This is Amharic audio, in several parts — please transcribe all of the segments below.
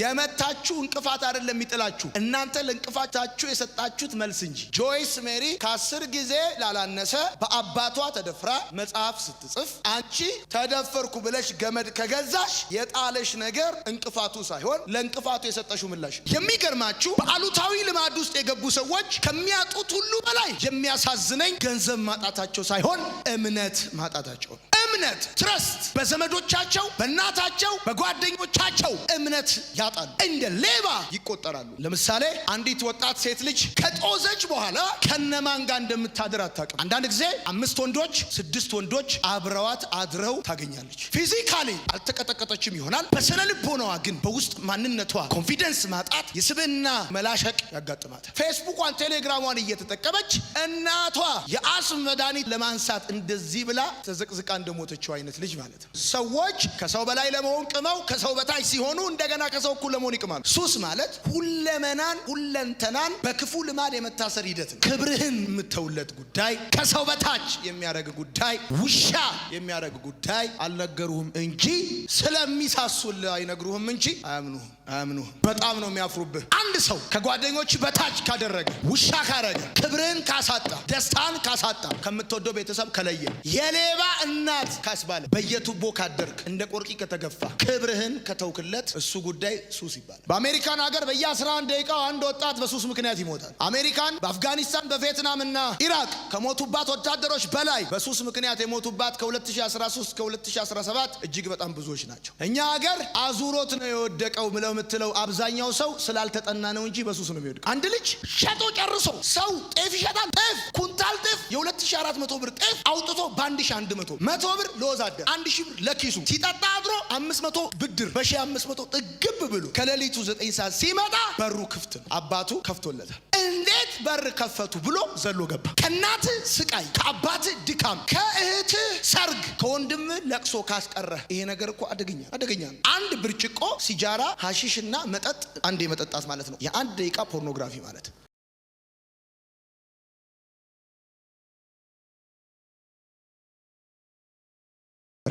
የመታችሁ እንቅፋት አይደለም የሚጥላችሁ እናንተ ለእንቅፋታችሁ የሰጣችሁት መልስ እንጂ። ጆይስ ሜሪ ከአስር ጊዜ ላላነሰ በአባቷ ተደፍራ መጽሐፍ ስትጽፍ አንቺ ተደፈርኩ ብለሽ ገመድ ከገዛሽ የጣለሽ ነገር እንቅፋቱ ሳይሆን ለእንቅፋቱ የሰጠሽው ምላሽ። የሚገርማችሁ በአሉታዊ ልማድ ውስጥ የገቡ ሰዎች ከሚያጡት ሁሉ በላይ የሚያሳዝነኝ ገንዘብ ማጣታቸው ሳይሆን እምነት ማጣታቸው ነው። እምነት ትረስት በዘመዶቻቸው በእናታቸው በጓደኞቻቸው እምነት ያጣሉ፣ እንደ ሌባ ይቆጠራሉ። ለምሳሌ አንዲት ወጣት ሴት ልጅ ከጦዘች በኋላ ከነማን ጋር እንደምታድር አታውቅም። አንዳንድ ጊዜ አምስት ወንዶች ስድስት ወንዶች አብረዋት አድረው ታገኛለች። ፊዚካሊ አልተቀጠቀጠችም ይሆናል፣ በስነ ልቦናዋ ግን በውስጥ ማንነቷ ኮንፊደንስ ማጣት፣ የስብዕና መላሸቅ ያጋጥማታል። ፌስቡኳን ቴሌግራሟን እየተጠቀመች እናቷ የአስም መድኃኒት ለማንሳት እንደዚህ ብላ ተዘቅዝቃ እንደ የሞተችው አይነት ልጅ ማለት ነው። ሰዎች ከሰው በላይ ለመሆን ቅመው ከሰው በታች ሲሆኑ እንደገና ከሰው እኩል ለመሆን ይቅማሉ። ሱስ ማለት ሁለመናን ሁለንተናን በክፉ ልማድ የመታሰር ሂደት ነው። ክብርህን የምተውለት ጉዳይ፣ ከሰው በታች የሚያደርግ ጉዳይ፣ ውሻ የሚያደርግ ጉዳይ አልነገሩህም እንጂ ስለሚሳሱል አይነግሩህም እንጂ አያምኑህም። አያምኑ። በጣም ነው የሚያፍሩብህ። አንድ ሰው ከጓደኞች በታች ካደረገ፣ ውሻ ካረገ፣ ክብርን ካሳጣ፣ ደስታን ካሳጣ፣ ከምትወደው ቤተሰብ ከለየ፣ የሌባ እናት ካስባለ፣ በየቱቦ ካደርግ፣ እንደ ቆርቂ ከተገፋ፣ ክብርህን ከተውክለት እሱ ጉዳይ ሱስ ይባላል። በአሜሪካን ሀገር በየ11 ደቂቃው አንድ ወጣት በሱስ ምክንያት ይሞታል። አሜሪካን በአፍጋኒስታን በቪየትናም እና ኢራቅ ከሞቱባት ወታደሮች በላይ በሱስ ምክንያት የሞቱባት ከ2013 ከ2017 እጅግ በጣም ብዙዎች ናቸው። እኛ ሀገር አዙሮት ነው የወደቀው ምለው የምትለው አብዛኛው ሰው ስላልተጠና ነው እንጂ በሱስ ነው የሚወድቅ። አንድ ልጅ ሸጦ ጨርሶ ሰው ጤፍ ይሸጣል። ጤፍ ኩንታል ጤፍ የ2400 ብር ጤፍ አውጥቶ በ1100 መቶ ብር ለወዛደር ሺ ብር ለኪሱ ሲጠጣ አድሮ 500 ብድር በ1500 ጥግብ ብሎ ከሌሊቱ 9 ሰዓት ሲመጣ በሩ ክፍት ነው። አባቱ ከፍቶለታል። እንዴት በር ከፈቱ ብሎ ዘሎ ገባ። ከእናት ስቃይ፣ ከአባት ድካም፣ ከእህት ሰርግ፣ ከወንድም ለቅሶ ካስቀረ ይሄ ነገር እኮ አደገኛ አደገኛ ነው። አንድ ብርጭቆ ሲጃራ፣ ሀሺሽ እና መጠጥ አንድ መጠጣት ማለት ነው የአንድ ደቂቃ ፖርኖግራፊ ማለት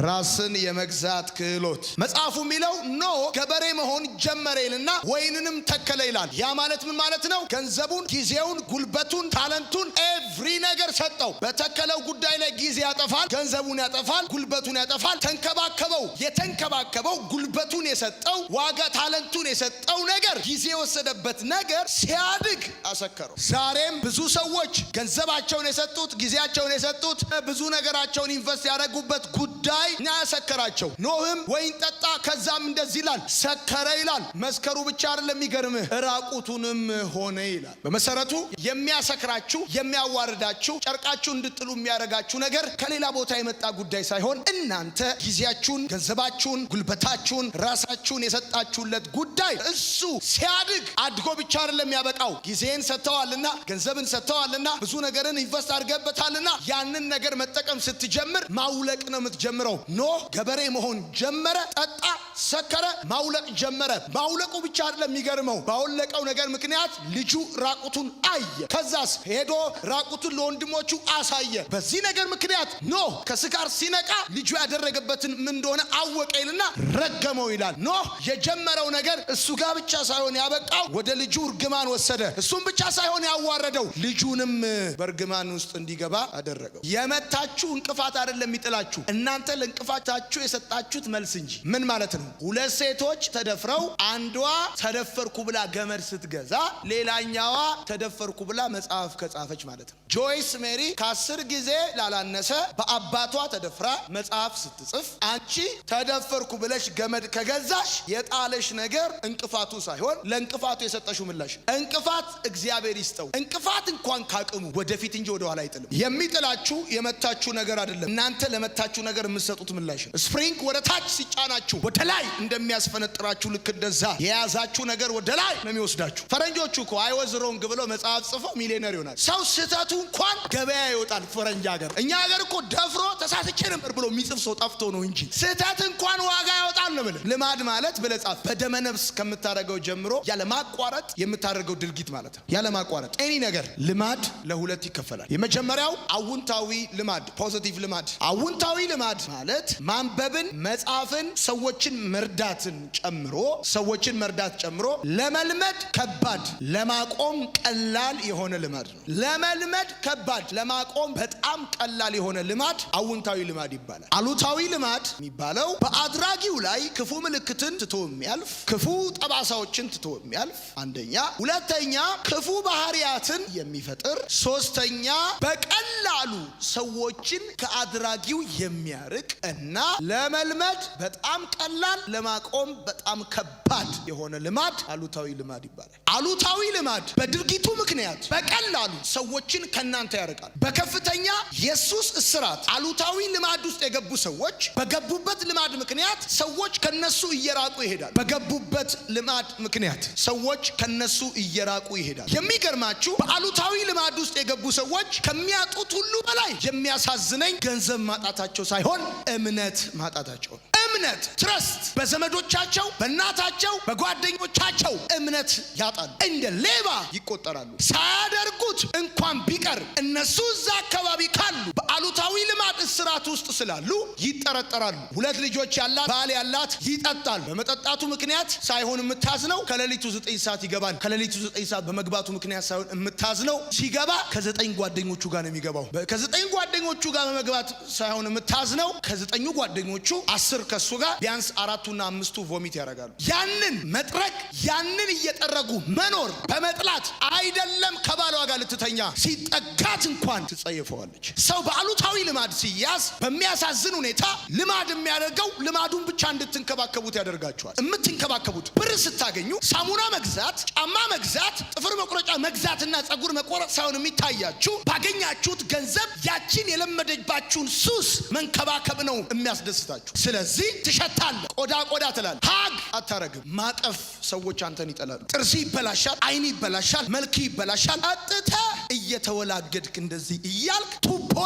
ራስን የመግዛት ክህሎት መጽሐፉ የሚለው ኖ ገበሬ መሆን ጀመረ ይልና ወይንንም ተከለ ይላል። ያ ማለት ምን ማለት ነው? ገንዘቡን፣ ጊዜውን፣ ጉልበቱን፣ ታለንቱን ኤቭሪ ነገር ሰጠው። በተከለው ጉዳይ ላይ ጊዜ ያጠፋል፣ ገንዘቡን ያጠፋል፣ ጉልበቱን ያጠፋል። ተንከባከበው። የተንከባከበው ጉልበቱን የሰጠው ዋጋ ታለንቱን የሰጠው ነገር ጊዜ የወሰደበት ነገር ሲያድግ አሰከረው። ዛሬም ብዙ ሰዎች ገንዘባቸውን የሰጡት ጊዜያቸውን የሰጡት ብዙ ነገራቸውን ኢንቨስት ያደረጉበት ጉዳይ ላይ እና ያሰከራቸው ኖህም ወይን ጠጣ። ከዛም እንደዚህ ይላል ሰከረ ይላል። መስከሩ ብቻ አይደለም የሚገርምህ ራቁቱንም ሆነ ይላል። በመሰረቱ የሚያሰክራችሁ የሚያዋርዳችሁ ጨርቃችሁ እንድጥሉ የሚያደርጋችሁ ነገር ከሌላ ቦታ የመጣ ጉዳይ ሳይሆን እናንተ ጊዜያችሁን፣ ገንዘባችሁን፣ ጉልበታችሁን፣ ራሳችሁን የሰጣችሁለት ጉዳይ እሱ ሲያድግ አድጎ ብቻ አይደለም የሚያበቃው ጊዜን ሰጥተዋልና ገንዘብን ሰጥተዋልና ብዙ ነገርን ኢንቨስት አድርገበታልና ያንን ነገር መጠቀም ስትጀምር ማውለቅ ነው የምትጀምረው። ነው። ኖህ ገበሬ መሆን ጀመረ፣ ጠጣ፣ ሰከረ፣ ማውለቅ ጀመረ። ማውለቁ ብቻ አይደለም የሚገርመው፣ ባወለቀው ነገር ምክንያት ልጁ ራቁቱን አየ። ከዛስ ሄዶ ራቁቱን ለወንድሞቹ አሳየ። በዚህ ነገር ምክንያት ኖህ ከስካር ሲነቃ ልጁ ያደረገበትን ምን እንደሆነ አወቀ ይልና ረገመው ይላል። ኖህ የጀመረው ነገር እሱ ጋር ብቻ ሳይሆን ያበቃው ወደ ልጁ እርግማን ወሰደ። እሱም ብቻ ሳይሆን ያዋረደው ልጁንም በእርግማን ውስጥ እንዲገባ አደረገው። የመታችሁ እንቅፋት አይደለም የሚጥላችሁ እናንተ ለእንቅፋታችሁ የሰጣችሁት መልስ እንጂ። ምን ማለት ነው? ሁለት ሴቶች ተደፍረው አንዷ ተደፈርኩ ብላ ገመድ ስትገዛ፣ ሌላኛዋ ተደፈርኩ ብላ መጽሐፍ ከጻፈች ማለት ነው። ጆይስ ሜሪ ከአስር ጊዜ ላላነሰ በአባቷ ተደፍራ መጽሐፍ ስትጽፍ አንቺ ተደፈርኩ ብለሽ ገመድ ከገዛሽ የጣለሽ ነገር እንቅፋቱ ሳይሆን ለእንቅፋቱ የሰጠሽው ምላሽ። እንቅፋት እግዚአብሔር ይስጠው። እንቅፋት እንኳን ካቅሙ ወደፊት እንጂ ወደኋላ አይጥልም። የሚጥላችሁ የመታችሁ ነገር አይደለም፣ እናንተ ለመታችሁ ነገር የምትሰጡት ምላሽ። ስፕሪንግ ወደ ታች ሲጫናችሁ ወደ ላይ እንደሚያስፈነጥራችሁ ልክ እንደዛ የያዛችሁ ነገር ወደ ላይ ነው የሚወስዳችሁ። ፈረንጆቹ እኮ አይወዝ ሮንግ ብለው መጽሐፍ ጽፈው ሚሊዮነር ይሆናል። ሰው ስህተቱ እንኳን ገበያ ይወጣል ፈረንጅ ሀገር። እኛ ሀገር እኮ ደፍሮ ተሳስቼ ነበር ብሎ የሚጽፍ ሰው ጠፍቶ ነው እንጂ ስህተት እንኳን ዋጋ ያወጣል። በጣም ነው የምልህ። ልማድ ማለት ብለጻት በደመነፍስ ከምታደርገው ጀምሮ ያለማቋረጥ የምታደርገው ድርጊት ማለት ነው። ያለማቋረጥ ኤኒ ነገር ልማድ ለሁለት ይከፈላል። የመጀመሪያው አውንታዊ ልማድ፣ ፖዚቲቭ ልማድ። አውንታዊ ልማድ ማለት ማንበብን፣ መጻፍን፣ ሰዎችን መርዳትን ጨምሮ ሰዎችን መርዳት ጨምሮ ለመልመድ ከባድ ለማቆም ቀላል የሆነ ልማድ ነው። ለመልመድ ከባድ ለማቆም በጣም ቀላል የሆነ ልማድ አውንታዊ ልማድ ይባላል። አሉታዊ ልማድ የሚባለው በአድራጊው ላይ ክፉ ምልክትን ትቶ የሚያልፍ ክፉ ጠባሳዎችን ትቶ የሚያልፍ አንደኛ፣ ሁለተኛ ክፉ ባህሪያትን የሚፈጥር ሶስተኛ፣ በቀላሉ ሰዎችን ከአድራጊው የሚያርቅ እና ለመልመድ በጣም ቀላል ለማቆም በጣም ከባድ የሆነ ልማድ አሉታዊ ልማድ ይባላል። አሉታዊ ልማድ በድርጊቱ ምክንያት በቀላሉ ሰዎችን ከእናንተ ያርቃል። በከፍተኛ የሱስ እስራት አሉታዊ ልማድ ውስጥ የገቡ ሰዎች በገቡበት ልማድ ምክንያት ሰው ሰዎች ከነሱ እየራቁ ይሄዳል። በገቡበት ልማድ ምክንያት ሰዎች ከነሱ እየራቁ ይሄዳል። የሚገርማችሁ በአሉታዊ ልማድ ውስጥ የገቡ ሰዎች ከሚያጡት ሁሉ በላይ የሚያሳዝነኝ ገንዘብ ማጣታቸው ሳይሆን እምነት ማጣታቸው ነው። እምነት ትረስት በዘመዶቻቸው በእናታቸው በጓደኞቻቸው እምነት ያጣሉ፣ እንደ ሌባ ይቆጠራሉ። ሳያደርጉት እንኳን ቢቀር እነሱ እዛ አካባቢ ካሉ በአሉታዊ ልማድ እስራት ውስጥ ስላሉ ይጠረጠራሉ። ሁለት ልጆች ያላት ባል ያላት ይጠጣል። በመጠጣቱ ምክንያት ሳይሆን የምታዝነው ከሌሊቱ ዘጠኝ ሰዓት ይገባል። ከሌሊቱ ዘጠኝ ሰዓት በመግባቱ ምክንያት ሳይሆን የምታዝነው ሲገባ ከዘጠኝ ጓደኞቹ ጋር ነው የሚገባው። ከዘጠኝ ጓደኞቹ ጋር በመግባት ሳይሆን የምታዝነው ከዘጠኙ ጓደኞቹ አስር ከሱ ከእነሱ ጋር ቢያንስ አራቱና አምስቱ ቮሚት ያደርጋሉ። ያንን መጥረግ ያንን እየጠረጉ መኖር በመጥላት አይደለም። ከባሏ ጋር ልትተኛ ሲጠጋት እንኳን ትጸየፈዋለች። ሰው በአሉታዊ ልማድ ሲያዝ በሚያሳዝን ሁኔታ ልማድ የሚያደርገው ልማዱን ብቻ እንድትንከባከቡት ያደርጋቸዋል። የምትንከባከቡት ብር ስታገኙ ሳሙና መግዛት፣ ጫማ መግዛት፣ ጥፍር መቁረጫ መግዛትና ጸጉር መቆረጥ ሳይሆን የሚታያችሁ ባገኛችሁት ገንዘብ ያቺን የለመደባችሁን ሱስ መንከባከብ ነው የሚያስደስታችሁ። ስለዚህ ፊት ትሸታለህ። ቆዳ ቆዳ ትላለህ። ሀግ አታረግም። ማጠፍ ሰዎች አንተን ይጠላሉ። ጥርስ ይበላሻል፣ አይን ይበላሻል፣ መልክ ይበላሻል። አጥተህ እየተወላገድክ እንደዚህ እያልክ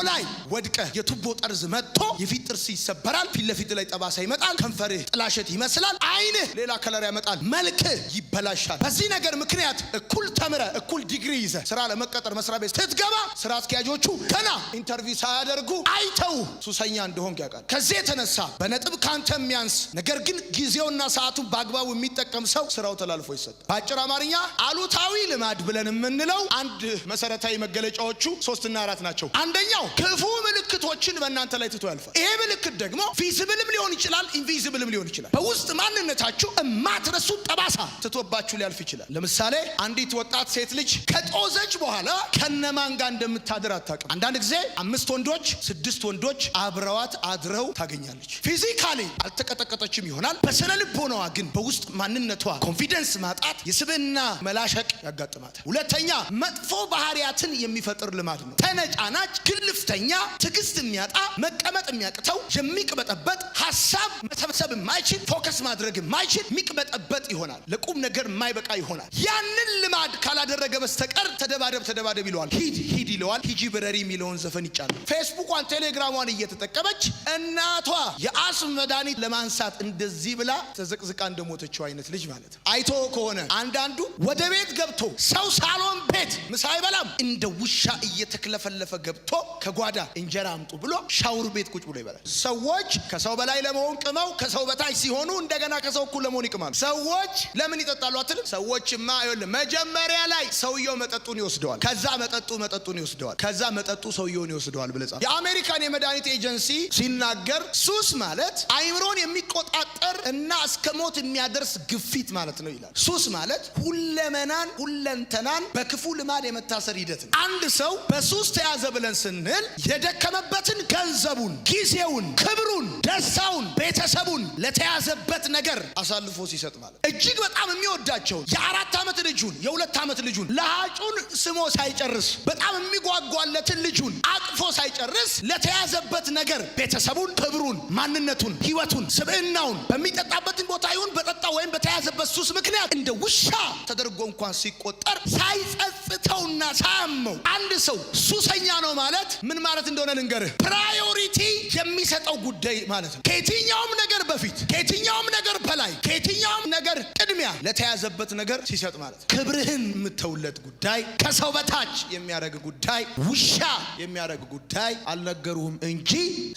ላይ ወድቀ የቱቦ ጠርዝ መጥቶ የፊት ጥርስ ይሰበራል። ፊት ለፊት ላይ ጠባሳ ይመጣል። ከንፈርህ ጥላሸት ይመስላል። አይንህ ሌላ ከለር ያመጣል። መልክህ ይበላሻል። በዚህ ነገር ምክንያት እኩል ተምረ እኩል ዲግሪ ይዘ ስራ ለመቀጠር መስሪያ ቤት ስትገባ ስራ አስኪያጆቹ ገና ኢንተርቪው ሳያደርጉ አይተው ሱሰኛ እንደሆን ያውቃል። ከዚህ የተነሳ በነጥብ ካንተ የሚያንስ ነገር ግን ጊዜውና ሰዓቱን በአግባቡ የሚጠቀም ሰው ስራው ተላልፎ ይሰጣል። በአጭር አማርኛ አሉታዊ ልማድ ብለን የምንለው አንድ መሰረታዊ መገለጫዎቹ ሶስትና አራት ናቸው። አንደኛው ሌላው ክፉ ምልክቶችን በእናንተ ላይ ትቶ ያልፋል። ይሄ ምልክት ደግሞ ቪዝብልም ሊሆን ይችላል፣ ኢንቪዝብልም ሊሆን ይችላል። በውስጥ ማንነታችሁ እማትረሱ ጠባሳ ትቶባችሁ ሊያልፍ ይችላል። ለምሳሌ አንዲት ወጣት ሴት ልጅ ከጦዘች በኋላ ከነማን ጋር እንደምታድር አታውቅም። አንዳንድ ጊዜ አምስት ወንዶች፣ ስድስት ወንዶች አብረዋት አድረው ታገኛለች። ፊዚካሊ አልተቀጠቀጠችም ይሆናል፣ በስነ ልቦናዋ ግን በውስጥ ማንነቷ ኮንፊደንስ ማጣት፣ የስብና መላሸቅ ያጋጥማታል። ሁለተኛ መጥፎ ባህሪያትን የሚፈጥር ልማድ ነው። ተነጫናጭ ግል ግልፍተኛ፣ ትዕግስት የሚያጣ፣ መቀመጥ የሚያቅተው፣ የሚቅበጠበጥ፣ ሀሳብ መሰብሰብ የማይችል፣ ፎከስ ማድረግ የማይችል የሚቅበጠበጥ ይሆናል። ለቁም ነገር የማይበቃ ይሆናል። ያንን ልማድ ካላደረገ በስተቀር ተደባደብ ተደባደብ ይለዋል። ሂድ ሂድ ይለዋል። ሂጂ ብረሪ የሚለውን ዘፈን ይጫሉ ፌስቡኳን ቴሌግራሟን እየተጠቀመች እናቷ የአስም መድኃኒት ለማንሳት እንደዚህ ብላ ተዘቅዝቃ እንደሞተችው አይነት ልጅ ማለት ነው። አይቶ ከሆነ አንዳንዱ ወደ ቤት ገብቶ ሰው ሳሎን ቤት ምሳ አይበላም እንደ ውሻ እየተክለፈለፈ ገብቶ ከጓዳ እንጀራ አምጡ ብሎ ሻውር ቤት ቁጭ ብሎ ይበላል። ሰዎች ከሰው በላይ ለመሆን ቅመው ከሰው በታች ሲሆኑ እንደገና ከሰው እኩል ለመሆን ይቅማሉ። ሰዎች ለምን ይጠጣሉ አትልም። ሰዎችማ መጀመሪያ ላይ ሰውየው መጠጡን ይወስደዋል። ከዛ መጠጡ መጠጡን ይወስደዋል። ከዛ መጠጡ ሰውየውን ይወስደዋል ብለጻ የአሜሪካን የመድኃኒት ኤጀንሲ ሲናገር ሱስ ማለት አይምሮን የሚቆጣጠር እና እስከ ሞት የሚያደርስ ግፊት ማለት ነው ይላል። ሱስ ማለት ሁለመናን ሁለንተናን በክፉ ልማድ የመታሰር ሂደት ነው። አንድ ሰው በሱስ ተያዘ ብለን ስንል የደከመበትን ገንዘቡን፣ ጊዜውን፣ ክብሩን፣ ደስታውን፣ ቤተሰቡን ለተያዘበት ነገር አሳልፎ ሲሰጥ ማለት እጅግ በጣም የሚወዳቸውን የአራት ዓመት ልጁን የሁለት ዓመት ልጁን ለሃጩን ስሞ ሳይጨርስ በጣም የሚጓጓለትን ልጁን አቅፎ ሳይጨርስ ለተያዘበት ነገር ቤተሰቡን፣ ክብሩን፣ ማንነቱን፣ ህይወቱን፣ ስብዕናውን በሚጠጣበትን ቦታ ይሁን በጠጣ ወይም በተያዘበት ሱስ ምክንያት እንደ ውሻ ተደርጎ እንኳን ሲቆጠር ሳይጸጽተውና ሳያመው አንድ ሰው ሱሰኛ ነው ማለት ምን ማለት እንደሆነ ልንገርህ። ፕራዮሪቲ የሚሰጠው ጉዳይ ማለት ነው። ከየትኛውም ነገር በፊት፣ ከየትኛውም ነገር በላይ፣ ከየትኛውም ነገር ቅድሚያ ለተያዘበት ነገር ሲሰጥ ማለት ነው። ክብርህን የምተውለት ጉዳይ፣ ከሰው በታች የሚያደርግ ጉዳይ፣ ውሻ የሚያደርግ ጉዳይ አልነገሩህም እንጂ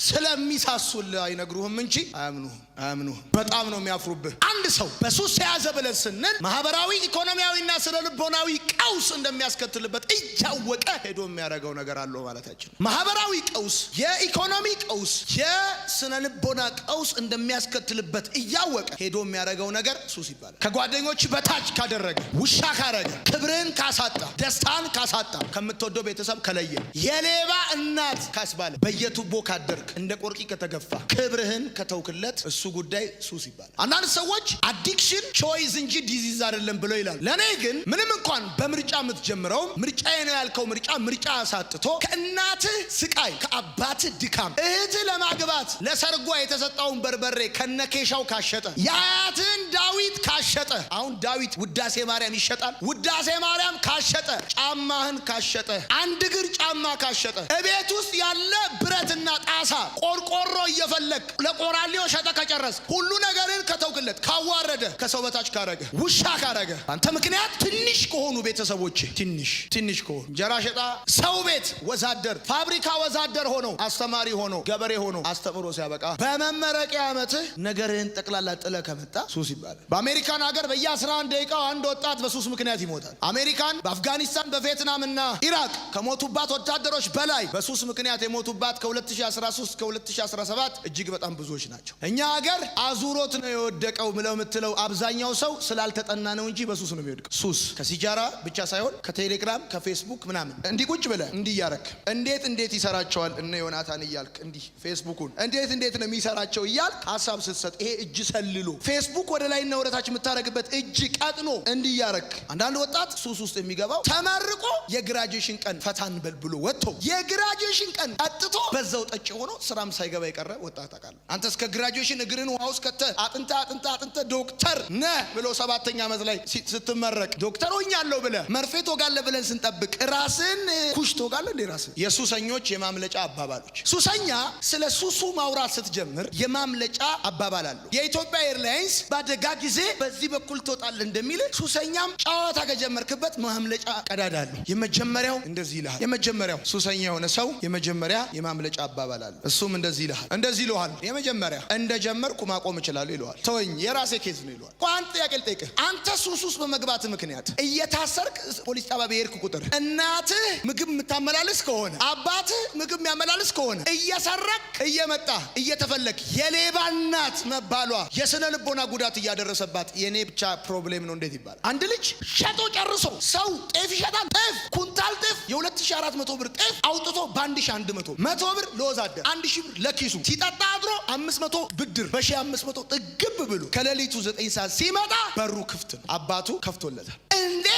ስለሚሳሱል አይነግሩህም እንጂ አያምኑህም። አምኑ በጣም ነው የሚያፍሩብህ። አንድ ሰው በሱስ ተያዘ ብለን ስንል ማህበራዊ ኢኮኖሚያዊና ስነ ልቦናዊ ቀውስ እንደሚያስከትልበት እያወቀ ሄዶ የሚያደርገው ነገር አለው ማለታችን። ማህበራዊ ቀውስ፣ የኢኮኖሚ ቀውስ፣ የስነ ልቦና ቀውስ እንደሚያስከትልበት እያወቀ ሄዶ የሚያደርገው ነገር ሱስ ይባላል። ከጓደኞች በታች ካደረገ፣ ውሻ ካረገ፣ ክብርን ካሳጣ፣ ደስታን ካሳጣ፣ ከምትወደው ቤተሰብ ከለየ፣ የሌባ እናት ካስባለ፣ በየቱቦ ካደርግ፣ እንደ ቆርቂ ከተገፋ፣ ክብርህን ከተውክለት እሱ ጉዳይ ሱስ ይባላል። አንዳንድ ሰዎች አዲክሽን ቾይዝ እንጂ ዲዚዝ አይደለም ብለው ይላሉ። ለእኔ ግን ምንም እንኳን በምርጫ የምትጀምረውም ምርጫዬ ነው ያልከው ምርጫ ምርጫ አሳጥቶ ከእናትህ ስቃይ ከአባትህ ድካም እህትህ ለማግባት ለሰርጓ የተሰጠውን በርበሬ ከነኬሻው ካሸጠ የአያትህን ዳዊት ካሸጠ አሁን ዳዊት ውዳሴ ማርያም ይሸጣል። ውዳሴ ማርያም ካሸጠ ጫማህን ካሸጠ አንድ እግር ጫማ ካሸጠ እቤት ውስጥ ያለ ብረትና ጣሳ ቆርቆሮ እየፈለግ ለቆራሊዮ ሸጠ ከጨ ከጨረስ ሁሉ ነገርን ከተውክለት ካዋረደ ከሰው በታች ካረገ ውሻ ካረገ አንተ ምክንያት ትንሽ ከሆኑ ቤተሰቦች ትንሽ ትንሽ ከሆኑ እንጀራ ሸጣ ሰው ቤት ወዛደር ፋብሪካ ወዛደር ሆኖ አስተማሪ ሆኖ ገበሬ ሆኖ አስተምሮ ሲያበቃ በመመረቂያ ዓመትህ ነገርህን ጠቅላላ ጥለ ከመጣ ሱስ ይባላል። በአሜሪካን ሀገር በየ11 ደቂቃው አንድ ወጣት በሱስ ምክንያት ይሞታል። አሜሪካን በአፍጋኒስታን በቪየትናምና ኢራቅ ከሞቱባት ወታደሮች በላይ በሱስ ምክንያት የሞቱባት ከ2013 ከ 2017 እጅግ በጣም ብዙዎች ናቸው። እኛ ነገር አዙሮት ነው የወደቀው ብለው የምትለው አብዛኛው ሰው ስላልተጠና ነው እንጂ በሱስ ነው የሚወድቀው። ሱስ ከሲጃራ ብቻ ሳይሆን ከቴሌግራም ከፌስቡክ ምናምን እንዲህ ቁጭ ብለ እንዲህ እያረክ እንዴት እንዴት ይሰራቸዋል እነ ዮናታን እያልክ እንዲህ ፌስቡኩን እንዴት እንዴት ነው የሚሰራቸው እያልክ ሀሳብ ስትሰጥ ይሄ እጅ ሰልሎ ፌስቡክ ወደ ላይ እና ወደታች የምታደርግበት እጅ ቀጥኖ እንዲህ እያረክ አንዳንድ ወጣት ሱስ ውስጥ የሚገባው ተመርቆ የግራጁዌሽን ቀን ፈታን በል ብሎ ወጥቶ የግራጁዌሽን ቀን ቀጥቶ በዛው ጠጭ ሆኖ ስራም ሳይገባ የቀረ ወጣት አውቃለሁ። አንተ እስከ ግራጁዌሽን እግርን ውሃ ውስጥ ከተ አጥንተ አጥንተ አጥንተ ዶክተር ነ ብሎ ሰባተኛ ዓመት ላይ ስትመረቅ ዶክተር ሆኛለሁ ብለ መርፌ ቶጋለ ብለን ስንጠብቅ ራስን ኩሽ ቶጋለ እንዴ? ራስን የሱሰኞች የማምለጫ አባባሎች። ሱሰኛ ስለ ሱሱ ማውራት ስትጀምር የማምለጫ አባባል አለው። የኢትዮጵያ ኤርላይንስ በአደጋ ጊዜ በዚህ በኩል ትወጣል እንደሚል ሱሰኛም ጨዋታ ከጀመርክበት ማምለጫ ቀዳዳ አለው። የመጀመሪያው እንደዚህ ይልሃል። የመጀመሪያው ሱሰኛ የሆነ ሰው የመጀመሪያ የማምለጫ አባባል አለው። እሱም እንደዚህ ይልሃል፣ እንደዚህ ይልሃል። የመጀመሪያ እንደጀመ ከጀመርኩ ማቆም እችላለሁ ይለዋል። ተወኝ፣ የራሴ ኬዝ ነው ይለዋል። እኮ አንድ ጥያቄ ልጠይቅህ። አንተ ሱስ ውስጥ በመግባት ምክንያት እየታሰርክ ፖሊስ ጣቢያ በሄድክ ቁጥር እናትህ ምግብ የምታመላልስ ከሆነ አባትህ ምግብ የሚያመላልስ ከሆነ እየሰረቅ እየመጣ እየተፈለግ የሌባ እናት መባሏ የስነ ልቦና ጉዳት እያደረሰባት የኔ ብቻ ፕሮብሌም ነው እንዴት ይባላል? አንድ ልጅ ሸጦ ጨርሶ ሰው ጤፍ ይሸጣል። ጤፍ ኩንታል ጤፍ የ2400 ብር ጤፍ አውጥቶ በ1100 መቶ ብር ለወዛደር አንድ ሺ ብር ለኪሱ ሲጠጣ አድሮ 500 መቶ ብድር በሺህ አምስት መቶ ጥግብ ብሎ ከሌሊቱ ዘጠኝ ሰዓት ሲመጣ በሩ ክፍት ነው። አባቱ ከፍቶለታል።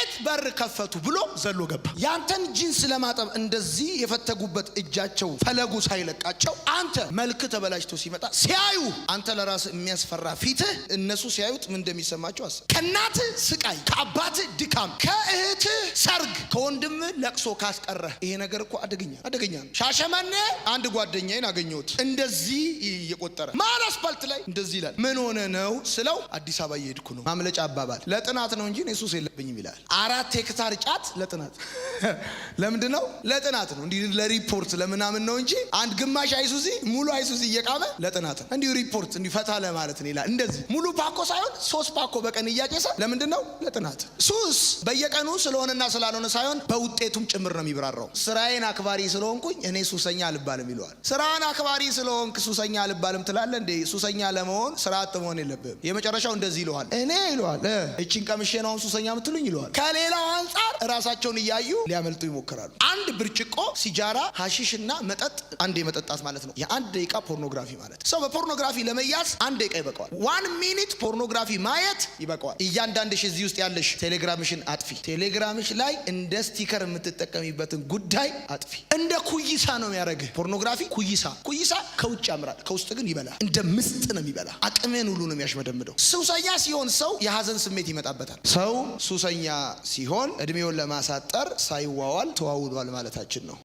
እንዴት በር ከፈቱ ብሎ ዘሎ ገባ። ያንተን ጂንስ ለማጠብ እንደዚህ የፈተጉበት እጃቸው ፈለጉ ሳይለቃቸው አንተ መልክ ተበላሽቶ ሲመጣ ሲያዩ አንተ ለራስ የሚያስፈራ ፊትህ እነሱ ሲያዩት ምን እንደሚሰማቸው አስብ። ከእናት ስቃይ፣ ከአባት ድካም፣ ከእህት ሰርግ፣ ከወንድም ለቅሶ ካስቀረህ ይሄ ነገር እኮ አደገኛ አደገኛ ነው። ሻሸመኔ አንድ ጓደኛዬን አገኘሁት እንደዚህ እየቆጠረ ማል ላይ እንደዚህ ይላል። ምን ሆነ ነው ስለው አዲስ አበባ እየሄድኩ ነው ማምለጫ አባባል ለጥናት ነው እንጂ እኔ ሱስ የለብኝም ይላል። አራት ሄክታር ጫት ለጥናት ለምንድን ነው? ለጥናት ነው። እንዲ ለሪፖርት ለምናምን ነው እንጂ አንድ ግማሽ አይሱዚ ሙሉ አይሱዚ እየቃመ ለጥናት ነው። እንዲሁ ሪፖርት እንዲ ፈታ ለማለት ነው ይላል። እንደዚህ ሙሉ ፓኮ ሳይሆን ሶስት ፓኮ በቀን እያጨሰ ለምንድን ነው? ለጥናት። ሱስ በየቀኑ ስለሆነና ስላልሆነ ሳይሆን በውጤቱም ጭምር ነው የሚብራራው። ስራዬን አክባሪ ስለሆንኩኝ እኔ ሱሰኛ አልባልም ይለዋል። ስራን አክባሪ ስለሆንክ ሱሰኛ አልባልም ትላለ እንዴ? ሱሰኛ ለመሆን ስራ አጥ መሆን የለብህም። የመጨረሻው እንደዚህ ይለዋል። እኔ ይለዋል እቺን ቀምሼ ነው ሱሰኛ ምትሉኝ ይለዋል ከሌላው አንጻር ራሳቸውን እያዩ ሊያመልጡ ይሞክራሉ። አንድ ብርጭቆ ሲጃራ፣ ሀሺሽ እና መጠጥ አንድ የመጠጣት ማለት ነው። የአንድ ደቂቃ ፖርኖግራፊ ማለት ሰው በፖርኖግራፊ ለመያዝ አንድ ደቂቃ ይበቃዋል። ዋን ሚኒት ፖርኖግራፊ ማየት ይበቃዋል። እያንዳንድሽ እዚህ ውስጥ ያለሽ ቴሌግራምሽን አጥፊ። ቴሌግራምሽ ላይ እንደ ስቲከር የምትጠቀሚበትን ጉዳይ አጥፊ። እንደ ኩይሳ ነው የሚያደርግህ ፖርኖግራፊ። ኩይሳ ኩይሳ ከውጭ ያምራል፣ ከውስጥ ግን ይበላል። እንደ ምስጥ ነው የሚበላ። አቅሜን ሁሉ ነው የሚያሽመደምደው። ሱሰኛ ሲሆን ሰው የሀዘን ስሜት ይመጣበታል። ሰው ሱሰኛ ሲሆን እድሜውን ለማሳጠር ሳይዋዋል ተዋውዷል ማለታችን ነው።